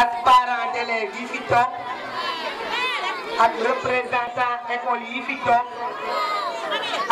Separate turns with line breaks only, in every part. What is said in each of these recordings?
ak parents d'élèves yi fi toog ak représentant école yi fi toog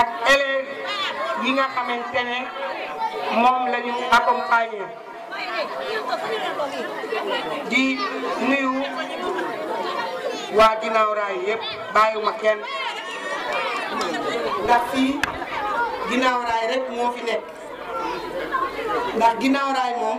ak élèves yi nga xamante ne moom la ñu accompagner di nuyu waa ginnaaw raay yëpp bàyyiwuma kenn ndax fii ginnaaw raay rek moo fi nekk ndax ginnaaw raay moom.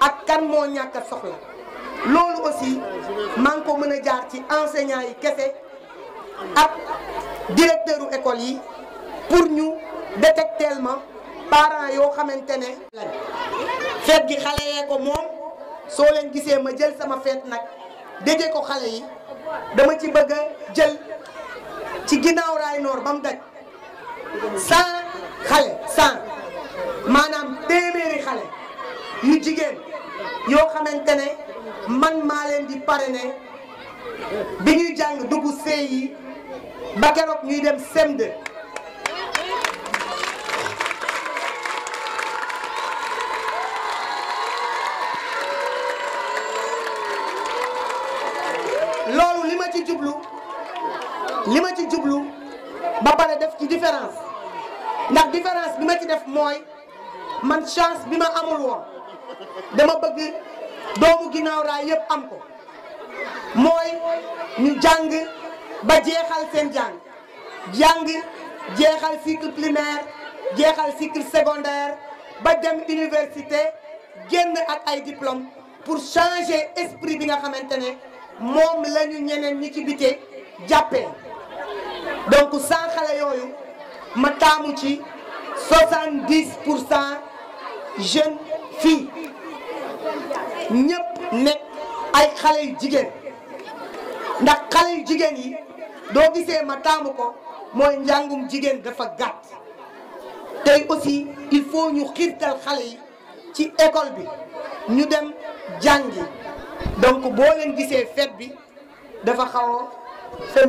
ak kan moo ñàkk a soxla loolu aussi maa ngi ko mën a jaar ci enseignants yi kese ak directeur u école yi pour ñu détecteel ma parents yoo xamante ne feet gi xale yee ko moom soo leen gisee ma jël sama feet nag déje ko xale yi dama ci bëgg a jël ci ginnaaw raay noor ba mu daj cent xale cent maanaam yu jigéen ne man maa leen di suis bi ñuy jàng CI ba ñuy dem sem de loolu ci ci ba def ci différence ndax différence bi def man chance bi dama bëgg doomu ginnaaw raay yëpp am ko mooy ñu jàng ba jeexal seen jàng jàng jeexal cycle primaire jeexal cycle secondaire ba dem université génn ak ay diplôme pour changer esprit bi nga xamante ne moom la ñeneen ñi ci bite jàppee donc sans xale yooyu ma taamu ci 70 pour cent jeunes fii ñëpp nekk ay xale yu jigéen ndax xale yu jigéen yi doo gisee ma taamu ko mooy njàngum jigéen dafa gàtt tey aussi il faut ñu xiirtal xale yi ci école bi ñu dem jàngi donc boo leen gisee fête bi dafa xaw a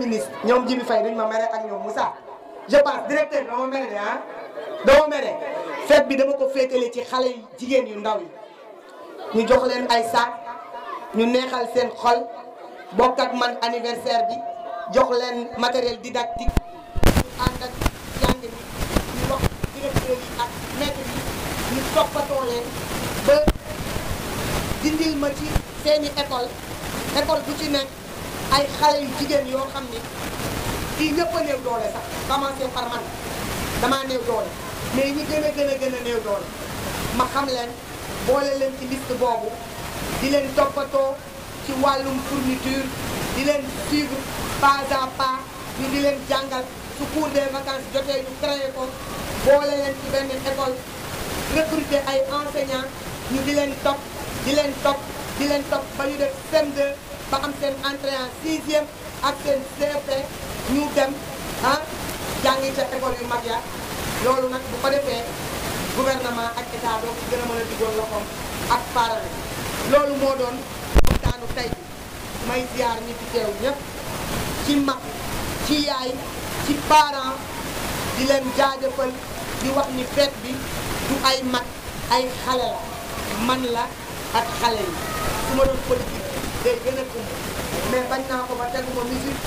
ñoom Jibi fay dañ ma mere ak ñoom Moussa je passe directeur dama mere de ah dama mere fête bi dama ko féetale ci xale yi jigéen yu ndaw yi ñu jox leen ay saak ñu neexal seen xol bokk ak man anniversaire bi jox leen matériel didactique ñu ànd ak jàng ñu wax directeur ak maître yi ñu toppatoo leen ba dindil ma ci seeni école école bu ci nekk ay xale yu jigéen yoo xam ni kii ñëpp a néew doole sax commencé par man damaa doole mais ñi gën a gën a gën a néew ma xam leen boole leen ci liste boobu di leen toppatoo ci wàllum fourniture di leen suivre pas à pas ñu di leen jàngal su cours des vacances jotee ñu créé ko boole leen ci benn école recruter ay enseignants ñu di leen topp di leen topp di leen topp ba ñu def CM2 ba am seen entrée en sixième ak seen CP ñu dem ah jàngi ca école yu mag ya loolu nag bu ko defee gouvernement ak état doo gën a mën a diggoon loxoom ak parare loolu moo doon waxtaanu tey bi may ziar ñi fi teew ñëpp ci mag ci yaay ci parent di leen jaajëfal di wax ni fête bi du ay mag ay xale la man la ak xale yi su ma doon politique day gën a kumb mais bañ naa ko ba teguma musique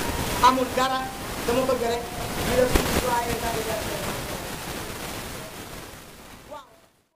amul dara dama bëgg rek di def suñu joyeux anniversaire